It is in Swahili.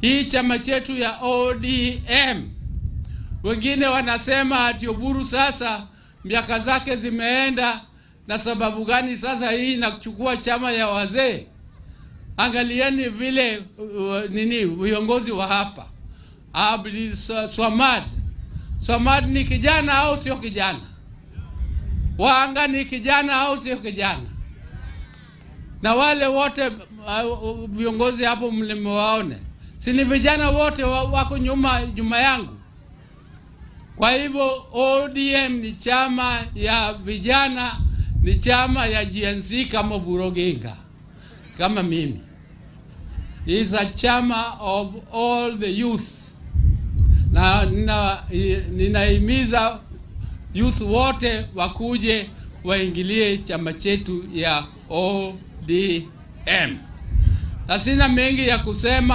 hii chama chetu ya ODM. Wengine wanasema ati Oburu sasa miaka zake zimeenda, na sababu gani sasa hii inachukua chama ya wazee? Angalieni vile uh, uh nini viongozi wa hapa Abdi Swamad. Swamad ni kijana au sio kijana? Waanga ni kijana au sio kijana? Na wale wote uh, uh viongozi hapo mlimewaone si ni vijana wote wako nyuma nyuma yangu. Kwa hivyo ODM ni chama ya vijana, ni chama ya GNC kama Burogenga, kama mimi. Is a chama of all the youth, na ninahimiza youth wote wakuje waingilie chama chetu ya ODM, na sina mengi ya kusema.